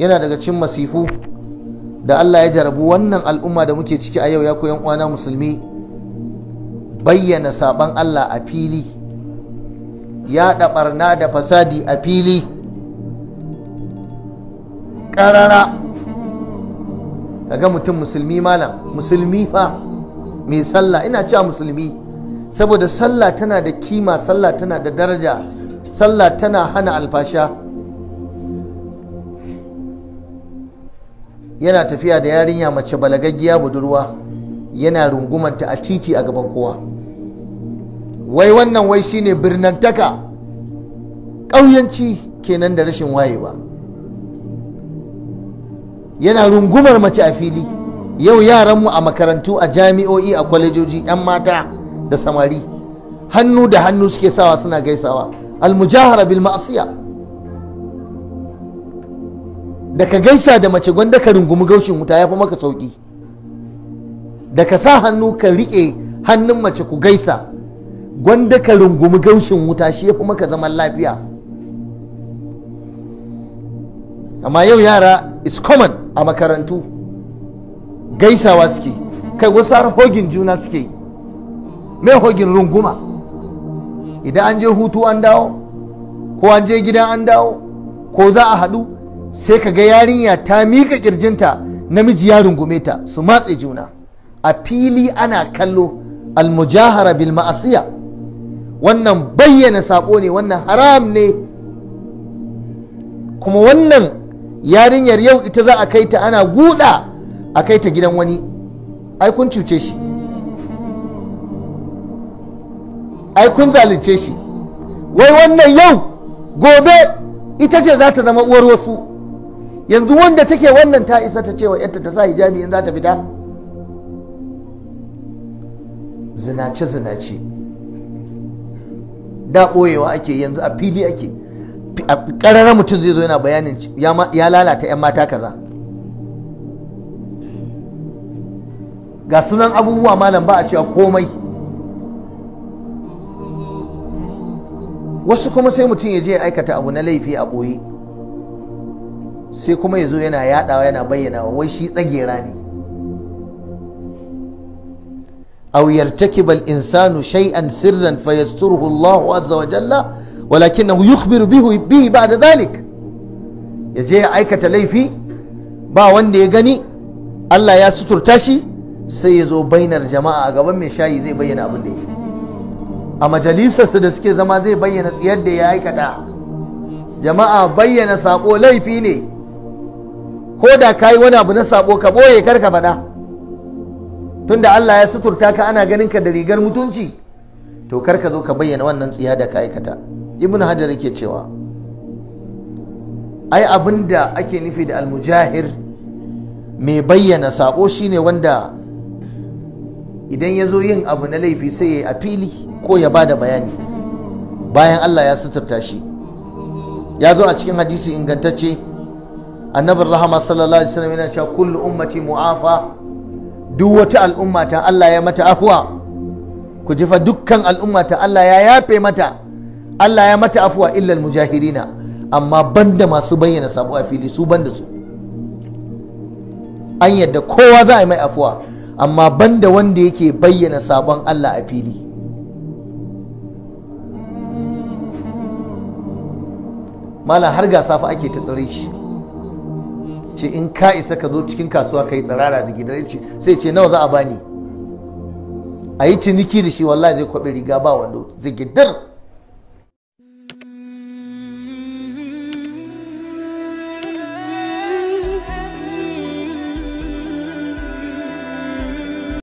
yana daga cikin masifu da Allah ya jarabu wannan al'umma da muke ciki a yau ya koyan uwana musulmi bayyana saban Allah a fili Ya ɗabarna da fasadi a fili ƙarara ga mutum musulmi malam musulmi fa mai sallah ina cewa musulmi saboda sallah tana da kima sallah tana da daraja sallah tana hana alfasha yana tafiya da yarinya mace balagaggiya budurwa yana rungumanta a titi a gaban kowa wai wannan wai shine birnantaka ƙauyanci kenan da rashin wayewa yana rungumar mace a fili yau yaranmu a makarantu a jami'o'i a kwalejoji 'yan mata da samari hannu da hannu suke sawa suna gaisawa almujahara bil ma'asiya da ka gaisa da mace gwanda ka rungumi gaushin wuta ya fi maka sauki da ka sa hannu ka riƙe hannun mace ku gaisa gwanda ka rungumi gaushin wuta shi ya fi maka zaman lafiya amma yau yara is common a makarantu gaisawa suke kai wasu har hogin juna suke mai hogin runguma idan an je hutu an dawo ko an je gidan an dawo ko za a haɗu sai ka ga yarinya ta mika kirjinta namiji ya rungume ta su matse juna a fili ana kallo almujahara bil ma'asiya wannan bayyana sabo ne wannan haram ne kuma wannan yarinyar yau ita za a kai ta ana guda a kai ta gidan wani ai kun cuce shi ai kun zalunce shi wai wannan yau gobe ita ce za ta zama uwar wasu yanzu wanda take wannan ta isa ta cewa yadda ta sa hijabi in za ta fita zinace zinace da ɓoyewa ake yanzu a fili ake A ƙararra mutum zai zo yana bayanin ya lalata 'yan mata kaza ga sunan abubuwa malam ba a cewa komai wasu kuma sai mutum ya je ya aikata abu na laifi a ɓoye sai kuma ya zo yana yadawa yana bayyana wai shi tsagera ne aw yartakiba al-insanu shay'an sirran fayasturuhu Allahu azza wa jalla walakinahu yukhbiru bihi bihi ba'da dhalik yaje ya aikata laifi ba wanda ya gani Allah ya suturta shi sai ya zo bainar jama'a a gaban mai shayi zai bayyana abin da ya a majalisarsu da suke zama zai bayyana tsiyar da ya aikata jama'a bayyana sako laifi ne ko da ka yi wani abu na sabo ka ɓoye kar ka faɗa tunda Allah ya suturta ka ana ganin ka da rigar mutunci to kar ka zo ka bayyana wannan tsiya da ka aikata ibnu hajar yake cewa ai abinda ake nufi da almujahir mai bayyana sabo shine wanda idan ya zo yin abu na laifi sai ya yi a fili ko ya ba da bayani bayan Allah ya suturta shi ya zo a cikin hadisi ingantacce annabin rahama sallallahu alaihi wasallam yana cewa kullu ummati mu'afa duk wata al'umma ta Allah ya mata afuwa ku jifa dukkan al'umma ta Allah ya yafe mata Allah ya mata afuwa illa mujahirina amma banda masu bayyana sabo a fili su banda su an yadda kowa za a yi mai afuwa amma banda wanda yake bayyana sabon Allah a fili mala har gasa fa ake ta tsare shi ce in ka isa ka zo cikin kasuwa ka yi tsirara da gidan ce sai ce nawa za a bani a yi ciniki da shi wallahi zai kwaɓe riga ba wando zigidar